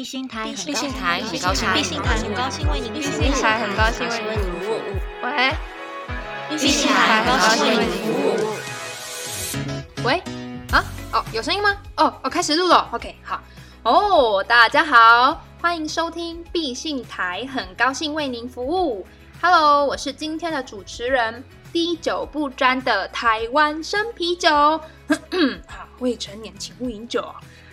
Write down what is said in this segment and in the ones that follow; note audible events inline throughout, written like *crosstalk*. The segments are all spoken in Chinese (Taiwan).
畢信台，畢信台，很高興，畢信台，很高興為您服務。畢信台，很高興為您服務。喂？畢信台，很高興為您服務。喂？啊？哦，有聲音嗎？哦，哦，開始錄了，哦。OK，好。哦，大家好，歡迎收聽畢信台，很高興為您服務。Hello，我是今天的主持人，滴酒不沾的台灣生啤酒咳咳。未成年請勿飲酒。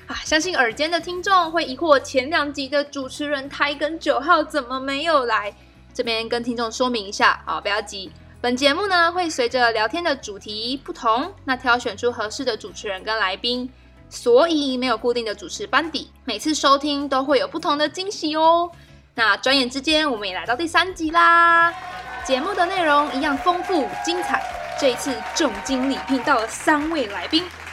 啊，相信耳尖的聽眾會疑惑前兩集的主持人台根九號怎麼沒有來？這邊跟聽眾說明一下啊，不要急，本節目呢會隨着聊天的主題不同，那挑選出合適的主持人跟來賓，所以沒有固定的主持班底，每次收聽都會有不同的驚喜哦。那轉眼之間，我們也來到第三集啦，節目的內容一樣豐富精彩，這一次重金禮聘到了三位來賓。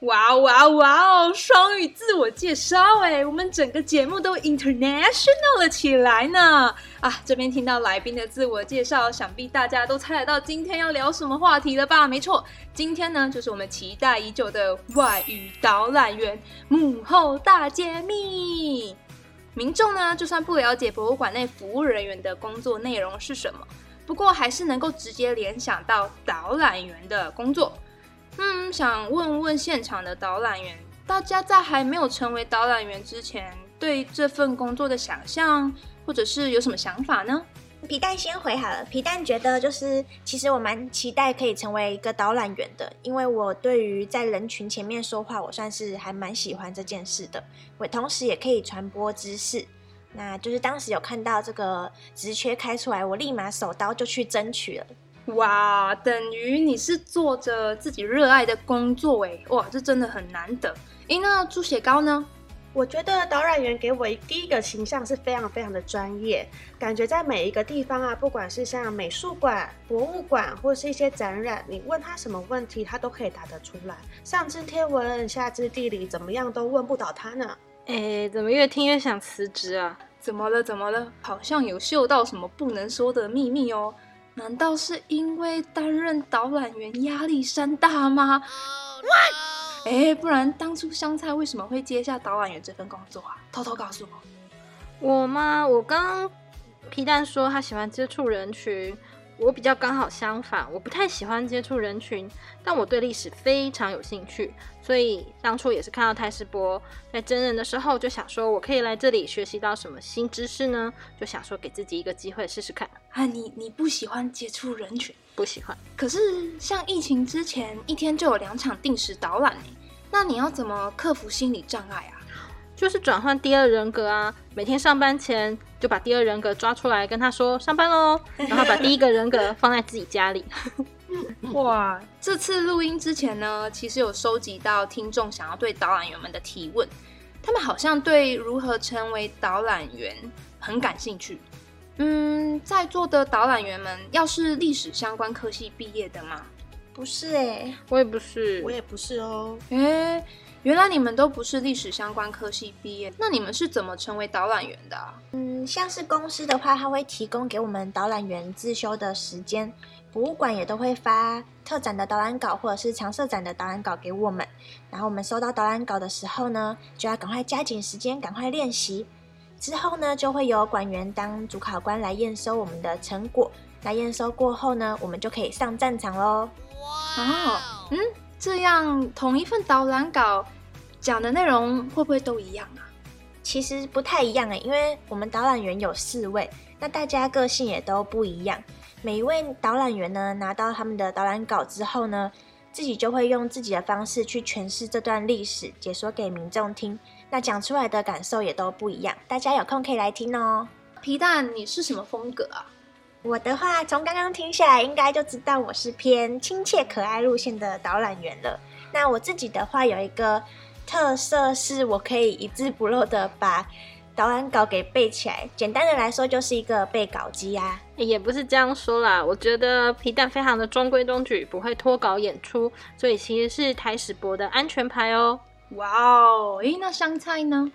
哇哇哇哦！雙語自我介紹，哎，我們整個節目都 international 了起來呢。啊，這邊聽到來賓的自我介紹，想必大家都猜得到今天要聊什麼話題了吧？沒錯，今天呢，就是我們期待已久的外語導覽員幕後大揭秘。民眾呢，就算不了解博物館內服務人員的工作內容是什麼，不過還是能夠直接聯想到導覽員的工作。嗯，想問問現場的導覽員，大家在還沒有成為導覽員之前，對這份工作的想象，或者是有什麼想法呢？皮蛋先回好了。皮蛋覺得就是，其實我蠻期待可以成為一個導覽員的，因為我對於在人群前面說話，我算是還蠻喜歡這件事的。我同時也可以傳播知識。那就是當時有看到這個職缺開出來，我立馬手刀就去爭取了。哇，等於你是做着自己熱愛的工作哎，哇，這真的很難得。哎，那豬血糕呢？我覺得導覽員給我第一,一個形象是非常非常的專業，感覺在每一個地方啊，不管是像美術館、博物館或是一些展覽，你問他什麼問題，他都可以答得出來。上知天文，下知地理，怎麼樣都問不倒他呢。哎，怎麼越聽越想辭職啊？怎麼了？怎麼了？好像有嗅到什麼不能說的秘密哦。難道是因為擔任導覽員壓力山大嗎？喂，哎，不然當初香菜為什麼會接下導覽員這份工作啊？偷偷告訴我。我嗎？我剛皮蛋說他喜歡接觸人群。我比較剛好相反，我不太喜歡接觸人群，但我對歷史非常有興趣，所以當初也是看到臺史博在徵人的時候，就想說我可以來這裡學習到什麼新知識呢？就想說給自己一個機會試試看。啊，你你不喜歡接觸人群，不喜歡。可是像疫情之前，一天就有兩場定時導覽，那你要怎麼克服心理障礙啊？就是轉換第二人格啊！每天上班前就把第二人格抓出來，跟他說上班嘍，然後把第一個人格放在自己家裡。 *laughs* 哇！這次錄音之前呢，其實有收集到聽眾想要對導覽員們的提問，他們好像對如何成為導覽員很感興趣。嗯，在座的導覽員們，要是歷史相關科系畢業的嗎？不是欸，我也不是，我也不是哦。欸。原來你們都不是歷史相關科系畢業，那你們是怎麼成為導覽員的啊？嗯，像是公司的話，它會提供給我們導覽員自修的時間，博物館也都會發特展的導覽稿或者是常設展的導覽稿給我們。然後我們收到導覽稿的時候呢，就要趕快加緊時間，趕快練習。之後呢，就會有館員當主考官來驗收我們的成果。那驗收過後呢，我們就可以上戰場嘍。哇、wow. 哦，嗯，這樣同一份導覽稿。講的內容會不會都一樣啊？其實不太一樣欸，因為我們導覽員有四位，那大家個性也都不一樣。每一位導覽員呢，拿到他們的導覽稿之後呢，自己就會用自己的方式去詮釋這段歷史，解說給民眾聽。那講出來的感受也都不一樣。大家有空可以來聽哦。皮蛋，你是什麼風格啊？我的話，從剛剛聽下來，應該就知道我是偏親切可愛路線的導覽員了。那我自己的話，有一個。特色是我可以一字不漏的把導覽稿給背起來。簡單的來說，就是一個背稿機啊。也不是這樣說啦，我覺得皮蛋非常的中規中矩，不會脫稿演出，所以其實是台史博的安全牌哦、喔。哇哦，咦、欸，那香菜呢？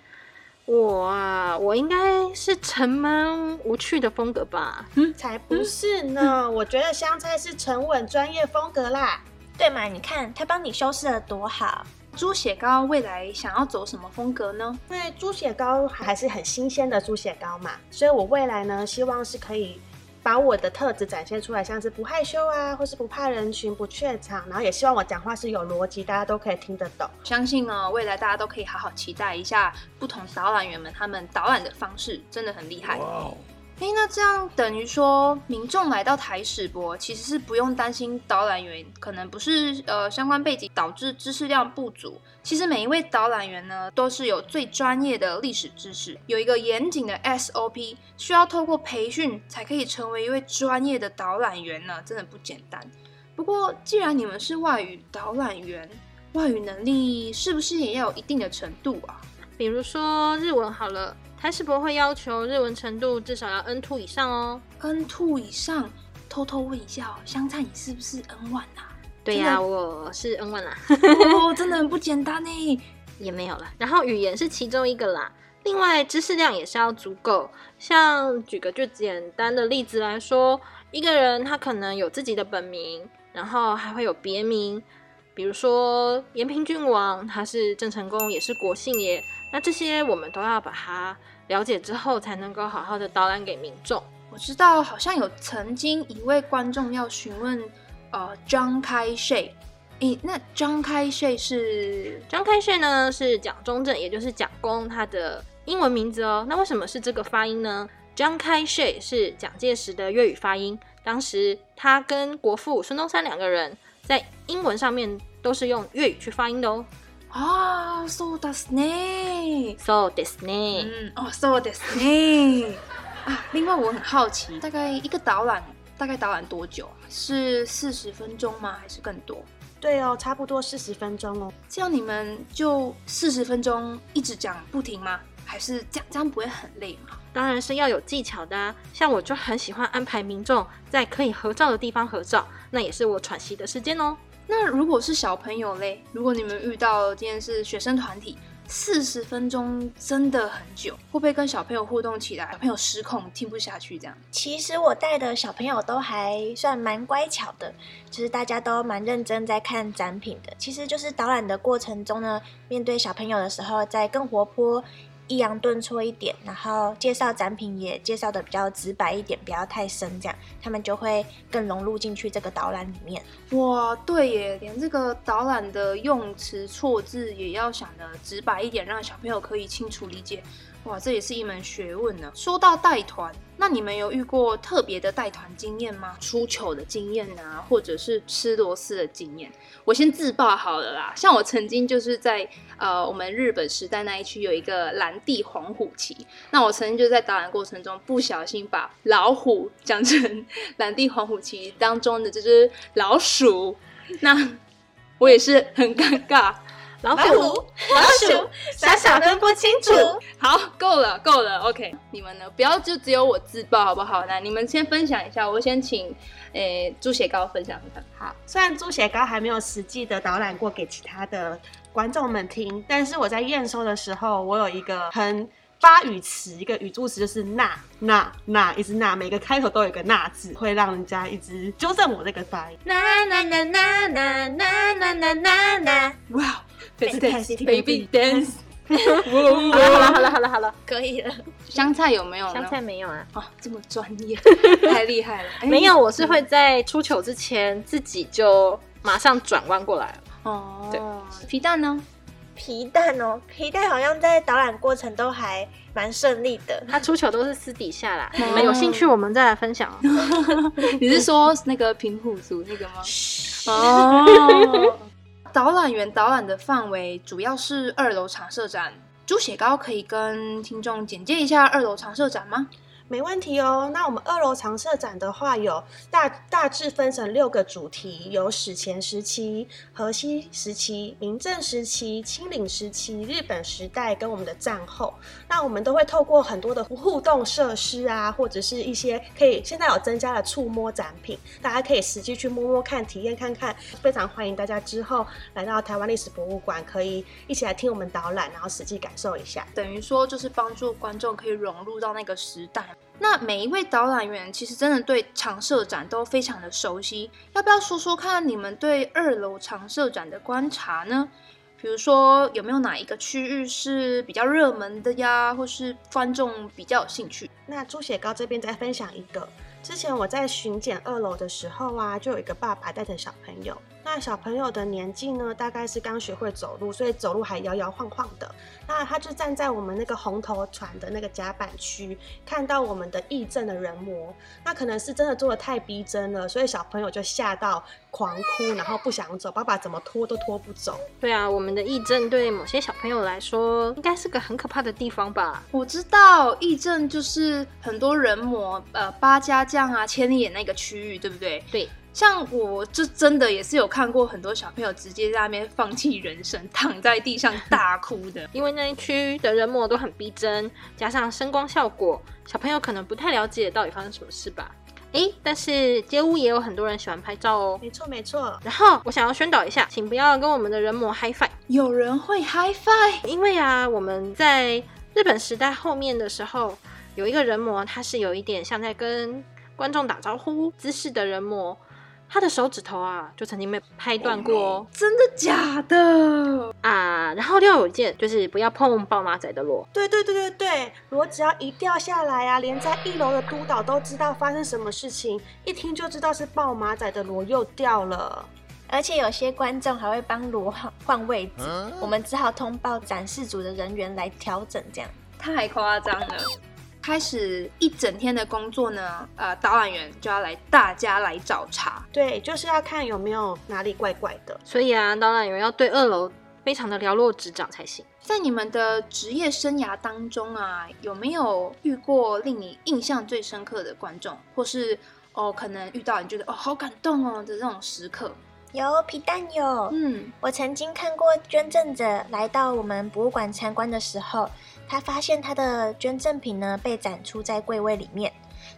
我啊，我應該是沉悶無趣的風格吧？嗯、才不是呢、嗯，我覺得香菜是沉穩專業風格啦。對嘛，你看他幫你修飾得多好。豬血糕未來想要走什麼風格呢？因為豬血糕還是很新鮮的豬血糕嘛，所以我未來呢，希望是可以把我的特質展現出來，像是不害羞啊，或是不怕人群、不怯場，然後也希望我講話是有邏輯，大家都可以聽得懂。相信呢、哦，未來大家都可以好好期待一下不同導覽員們他們導覽的方式，真的很厲害。Wow. 哎、欸，那這樣等於說，民眾來到台史博，其實是不用擔心導覽員可能不是呃相關背景導致知識量不足。其實每一位導覽員呢，都是有最專業的歷史知識，有一個嚴謹的 SOP，需要透過培訓才可以成為一位專業的導覽員呢，真的不簡單。不過，既然你們是外語導覽員，外語能力是不是也要有一定的程度啊？比如說日文好了。還是不會要求日文程度至少要 N two 以上哦。N two 以上，偷偷問一下相、哦、香菜你是不是 N one 啊？對呀，啊，我是 N one 啊。哦、oh，真的很不簡單呢。 *laughs* 也沒有了。然後語言是其中一個啦，另外知識量也是要足夠。像舉個最簡單的例子來說，一個人他可能有自己的本名，然後還會有別名，比如說延平郡王，他是鄭成功，也是國姓爺。那這些我們都要把它了解之後，才能夠好好的導覽給民眾。我知道，好像有曾經一位觀眾要詢問，呃，Chiang Kai-shek，誒、欸，那 Chiang Kai-shek 是 Chiang Kai-shek 呢？是蔣中正，也就是蔣公他的英文名字哦。那為什麼是這個發音呢？Chiang Kai-shek 是蔣介石的粵語發音，當時他跟國父孫中山兩個人在英文上面都是用粵語去發音的哦。啊、哦，そうですね。そうですね。嗯，哦，そうですね。 *laughs* 啊，另外我很好奇， *laughs* 大概一個導覽大概導覽多久啊？是四十分鐘嗎？還是更多？對哦，差不多四十分鐘哦。這樣你們就四十分鐘一直講不停嗎？還是講這樣，這樣不會很累嗎？當然是要有技巧的啊。像我就很喜歡安排民眾在可以合照的地方合照，那也是我喘息的時間哦。那如果是小朋友嘞？如果你們遇到今天是學生團體，四十分鐘真的很久，會不會跟小朋友互動起來，小朋友失控，聽不下去這樣？其實我帶的小朋友都還算蠻乖巧的，就是大家都蠻認真在看展品的。其實就是導覽的過程中呢，面對小朋友的時候，再更活潑。抑揚頓挫一點，然後介紹展品，也介紹得比較直白一點，不要太深，這樣他們就會更融入進去這個導覽裡面。哇，對耶，連這個導覽的用詞錯字也要想得直白一點，讓小朋友可以清楚理解。哇，這也是一門學問呢、啊。說到帶團，那你們有遇過特別的帶團經驗嗎？出糗的經驗啊，或者是吃螺絲的經驗？我先自爆好了啦。像我曾經就是在呃我們日本時代那一區有一個藍地黃虎旗，那我曾經就在導覽過程中，不小心把老虎講成藍地黃虎旗當中的這隻老鼠，那我也是很尷尬。老鼠，老鼠，傻傻分不清楚。好，夠了，夠了。OK，你們呢？不要就只有我自爆，好不好？那你們先分享一下。我先請誒豬血糕分享一下。好，雖然豬血糕還沒有實際的導覽過給其他的觀眾們聽，但是我在驗收的時候，我有一個很發語詞，一個語助詞，就是那那那，那，一直那，每個開頭都有個那字，會讓人家一直糾正我這個發音。那那那那那那那那那那哇！Wow. Dance, dance, baby dance， *laughs* 好了好了好了好了，好了可以了。香菜有沒有？香菜沒有啊？哦，這麼專業， *laughs* 太厲害了、哎。沒有，我是會在出糗之前自己就馬上轉彎過來哦，對，皮蛋呢？皮蛋哦，皮蛋好像在導覽過程都還蠻順利的。他出糗都是私底下啦，哦、有沒有興趣我們再來分享、哦。 *laughs* 你是說那個平埔族那個嗎？哦。Oh *laughs* 導覽員導覽的範圍主要是二樓常設展，豬血糕可以跟聽眾簡介一下二樓常設展嗎？沒問題哦。那我們二樓常設展的話，有大大致分成六個主題，有史前時期、荷西時期、明鄭時期、清領時期、日本時代跟我們的戰後。那我們都會透過很多的互動設施啊，或者是一些可以現在有增加了觸摸展品，大家可以實際去摸摸看、體驗看看。非常歡迎大家之後來到台灣歷史博物館，可以一起來聽我們導覽，然後實際感受一下。等於說就是幫助觀眾可以融入到那個時代。那每一位導覽員其實真的對常設展都非常的熟悉，要不要說說看你們對二樓常設展的觀察呢？比如說有沒有哪一個區域是比較熱門的呀，或是觀眾比較有興趣？那豬血糕這邊再分享一個，之前我在巡檢二樓的時候啊，就有一個爸爸帶着小朋友。那小朋友的年紀呢，大概是剛學會走路，所以走路還搖搖晃晃的。那他就站在我們那個紅頭船的那個甲板區，看到我們的藝陣的人模，那可能是真的做得太逼真了，所以小朋友就嚇到狂哭，然後不想走，爸爸怎麼拖都拖不走。對啊，我們的藝陣對某些小朋友來說，應該是個很可怕的地方吧？我知道藝陣就是很多人模，呃，八家將啊，千里眼，那個區域，對不對？對。像我就真的也是有看過很多小朋友直接在那邊放棄人生，躺在地上大哭的， *laughs* 因為那一區的人模都很逼真，加上聲光效果，小朋友可能不太了解到底發生什麼事吧。哎、欸，但是街屋也有很多人喜歡拍照哦，沒錯沒錯。然後我想要宣導一下，請不要跟我們的人模 HiFi。有人會 HiFi？因為啊，我們在日本時代後面的時候，有一個人模，他是有一點像在跟觀眾打招呼姿勢的人模。他的手指頭啊，就曾經被拍斷過哦、欸，真的假的啊？然後另外有一件，就是不要碰報馬仔的螺。對對對對對，螺只要一掉下來啊，連在一樓的督導都知道發生什麼事情，一聽就知道是報馬仔的螺又掉了。而且有些觀眾還會幫螺換位置、嗯，我們只好通報展示組的人員來調整，這樣太誇張了。開始一整天的工作呢，呃，導覽員就要來大家來找茬，對，就是要看有沒有哪裡怪怪的。所以啊，導覽員要對二樓非常的了如指掌才行。在你們的職業生涯當中啊，有沒有遇過令你印象最深刻的觀眾，或是哦，可能遇到你覺得哦好感動哦的這種時刻？有皮蛋有，嗯，我曾經看過捐贈者來到我們博物館參觀的時候。他發現他的捐贈品呢，被展出在櫃位裡面，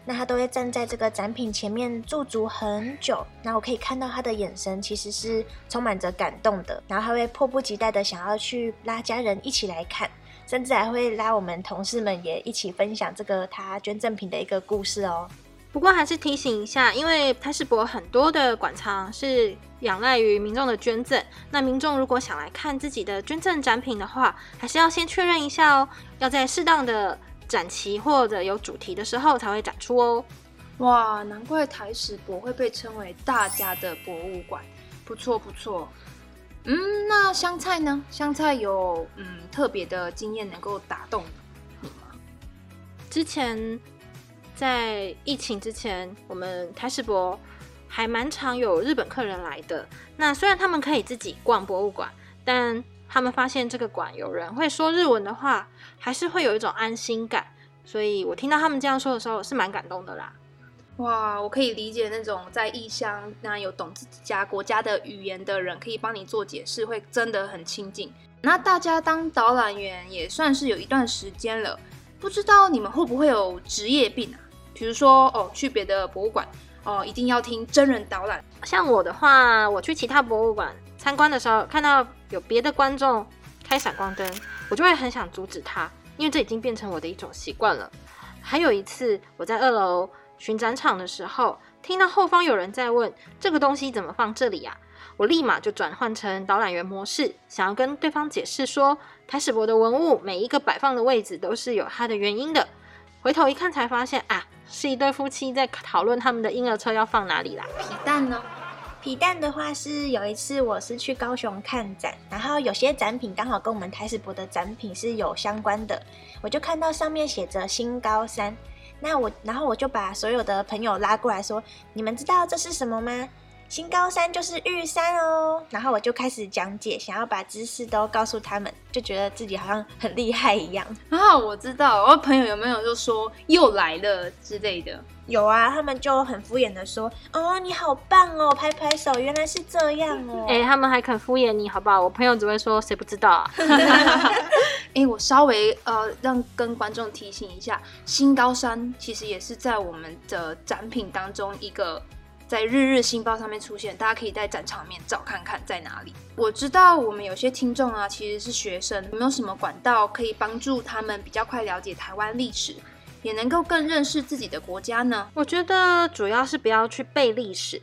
那他都會站在這個展品前面駐足很久。那我可以看到他的眼神其實是充滿着感動的，然後他會迫不及待的想要去拉家人一起來看，甚至還會拉我們同事們也一起分享這個他捐贈品的一個故事哦。不過還是提醒一下，因為台史博很多的館藏是仰賴於民眾的捐贈，那民眾如果想來看自己的捐贈展品的話，還是要先確認一下哦，要在適當的展期或者有主題的時候才會展出哦。哇，難怪台史博會被稱為大家的博物館，不錯不錯。嗯，那香菜呢？香菜有嗯，特別的經驗能夠打動你好嗎？之前。在疫情之前，我們臺史博還蠻常有日本客人來的。那雖然他們可以自己逛博物館，但他們發現這個館有人會說日文的話，還是會有一種安心感。所以我聽到他們這樣說的時候，是蠻感動的啦。哇，我可以理解那種在異鄉，那有懂自己家國家的語言的人可以幫你做解釋，會真的很親近。那大家當導覽員也算是有一段時間了，不知道你們會不會有職業病啊？比如說，哦，去別的博物館，哦，一定要聽真人導覽。像我的話，我去其他博物館參觀的時候，看到有別的觀眾開閃光燈，我就會很想阻止他，因為這已經變成我的一種習慣了。還有一次，我在二樓巡展場的時候，聽到後方有人在問這個東西怎麼放這裡呀，啊，我立馬就轉換成導覽員模式，想要跟對方解釋說，臺史博的文物每一個擺放的位置都是有它的原因的。回頭一看才發現啊，是一對夫妻在討論他們的嬰兒車要放哪裡啦。皮蛋呢？皮蛋的話是有一次我是去高雄看展，然後有些展品剛好跟我們臺史博的展品是有相關的，我就看到上面寫着新高山，那我然後我就把所有的朋友拉過來說，你們知道這是什麼嗎？新高山就是玉山哦，然後我就開始講解，想要把知識都告訴他們，就覺得自己好像很厲害一樣啊！我知道，我朋友有沒有就說又來了之類的？有啊，他們就很敷衍的說：“哦，你好棒哦，拍拍手。”原來是這樣哦，欸，他們還肯敷衍你，好不好？我朋友只會說誰不知道啊。 *laughs* 欸，我稍微呃讓跟觀眾提醒一下，新高山其實也是在我們的展品當中一個。在《日日新報》上面出現，大家可以在展場裡面找看看在哪裡。我知道我們有些聽眾啊，其實是學生，有沒有什麼管道可以幫助他們比較快了解台灣歷史，也能夠更認識自己的國家呢？我覺得主要是不要去背歷史，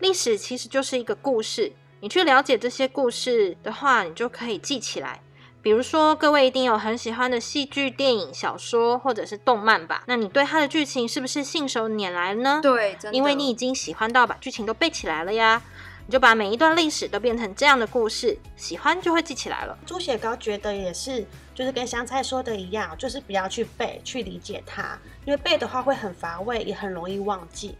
歷史其實就是一個故事，你去了解這些故事的話，你就可以記起來。比如說，各位一定有很喜歡的戲劇、電影、小說，或者是動漫吧？那你對它的劇情是不是信手拈來了呢？對，真的。因為你已經喜歡到把劇情都背起來了呀。你就把每一段歷史都變成這樣的故事，喜歡就會記起來了。豬血糕覺得也是，就是跟香菜說的一樣，就是不要去背，去理解它，因為背的話會很乏味，也很容易忘記。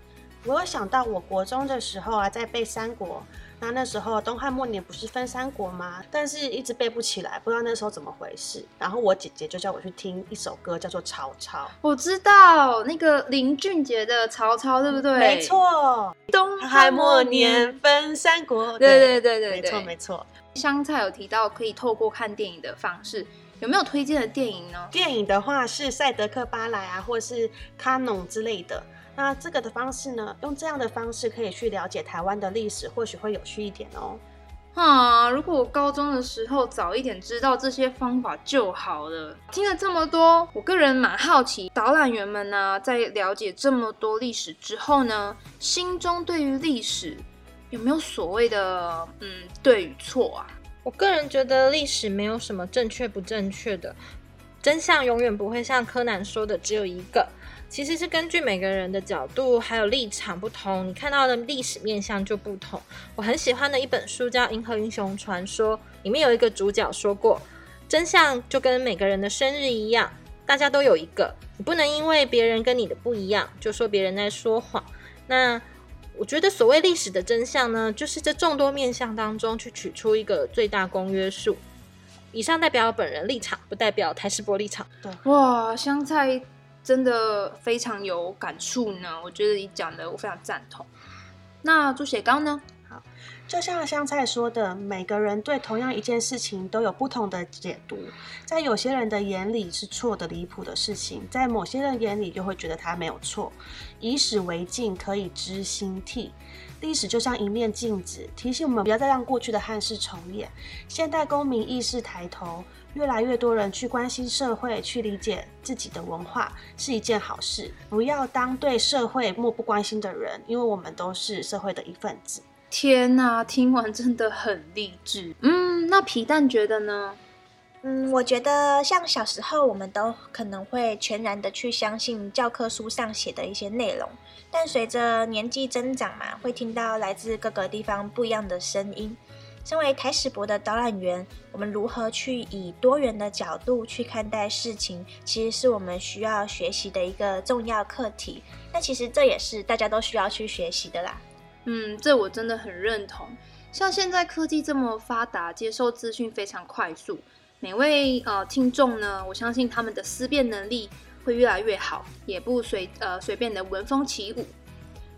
我有想到，我國中的時候啊，在背三國。那那時候東漢末年不是分三國嗎？但是一直背不起來，不知道那時候怎麼回事。然後我姐姐就叫我去聽一首歌，叫做《曹操》。我知道那個林俊傑的《曹操》，對不對？沒錯。東漢末年分三國。對對對對對，沒錯沒錯。香菜有提到可以透過看電影的方式，有沒有推薦的電影呢？電影的話是《賽德克·巴萊》啊，或是《卡農》之類的。那這個的方式呢，用這樣的方式可以去了解台灣的歷史，或許會有趣一點哦。啊、嗯，如果我高中的時候早一點知道這些方法就好了。聽了這麼多，我個人蠻好奇，導覽員們呢、啊，在了解這麼多歷史之後呢，心中對於歷史有沒有所謂的嗯對與錯啊？我個人覺得歷史沒有什麼正確不正確的，真相永遠不會像柯南說的只有一個。其實是根據每個人的角度還有立場不同，你看到的歷史面向就不同。我很喜歡的一本書叫《銀河英雄傳說》，裡面有一個主角說過：“真相就跟每個人的生日一樣，大家都有一個，你不能因為別人跟你的不一樣，就說別人在說謊。那”那我覺得所謂歷史的真相呢，就是這眾多面向當中去取出一個最大公約數。以上代表本人立場，不代表臺史博立場。對，哇，香菜。真的非常有感觸呢，我覺得你講的我非常贊同。那豬血糕呢？好，就像香菜說的，每個人對同樣一件事情都有不同的解讀，在有些人的眼裡是錯的離譜的事情，在某些人眼裡就會覺得他沒有錯。以史為鏡，可以知興替。歷史就像一面鏡子，提醒我們不要再讓過去的憾事重演。現代公民意識抬頭，越來越多人去關心社會，去理解自己的文化，是一件好事。不要當對社會漠不關心的人，因為我們都是社會的一份子。天哪、啊，聽完真的很勵志。嗯，那皮蛋覺得呢？嗯，我覺得像小時候，我們都可能會全然的去相信教科書上寫的一些內容。但隨着年紀增長嘛，會聽到來自各個地方不一樣的聲音。身為台史博的導覽員，我們如何去以多元的角度去看待事情，其實是我們需要學習的一個重要課題。但其實這也是大家都需要去學習的啦。嗯，這我真的很認同。像現在科技這麼發達，接受資訊非常快速。每位呃聽眾呢，我相信他們的思辨能力會越來越好，也不隨呃隨便的聞風起舞。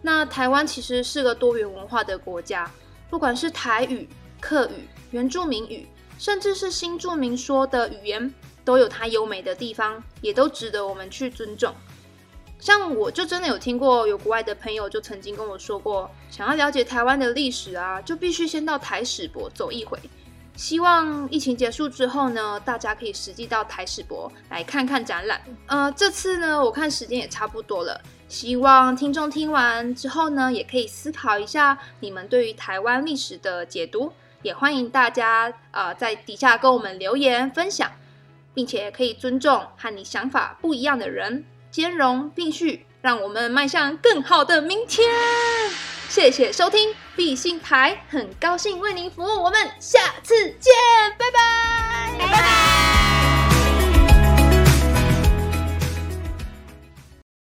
那台灣其實是個多元文化的國家，不管是台語、客語、原住民語，甚至是新住民說的語言，都有它優美的地方，也都值得我們去尊重。像我就真的有聽過有國外的朋友就曾經跟我說過，想要了解台灣的歷史啊，就必須先到台史博走一回。希望疫情結束之後呢，大家可以實際到台史博來看看展覽。呃，這次呢，我看時間也差不多了，希望聽眾聽完之後呢，也可以思考一下你們對於台灣歷史的解讀，也歡迎大家啊、呃，在底下跟我們留言分享，並且可以尊重和你想法不一樣的人，兼容並蓄，讓我們邁向更好的明天。謝謝收聽，必信台很高興為您服務，我們下次見，拜拜，拜拜。拜拜拜拜。